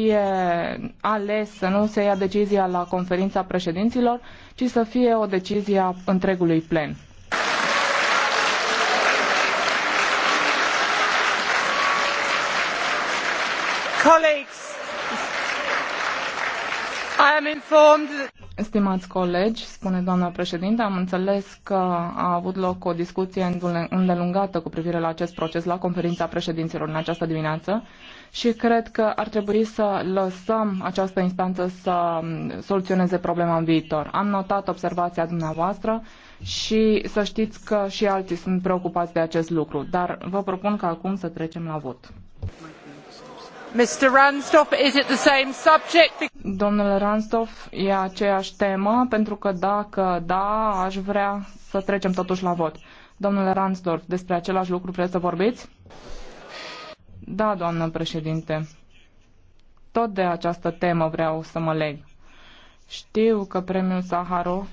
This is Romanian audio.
fie ales, să nu se ia decizia la conferința președinților, ci să fie o decizie a întregului plen. Colegi. Stimați colegi, spune doamna președinte, am înțeles că a avut loc o discuție îndelungată cu privire la acest proces la conferința președinților în această dimineață și cred că ar trebui să lăsăm această instanță să soluționeze problema în viitor. Am notat observația dumneavoastră și să știți că și alții sunt preocupați de acest lucru, dar vă propun că acum să trecem la vot. Domnule Ransdorf, e aceeași temă, pentru că dacă da, aș vrea să trecem totuși la vot. Domnule Ransdorf, despre același lucru vreți să vorbiți? Da, doamnă președinte. Tot de această temă vreau să mă leg. Știu că premiul Saharov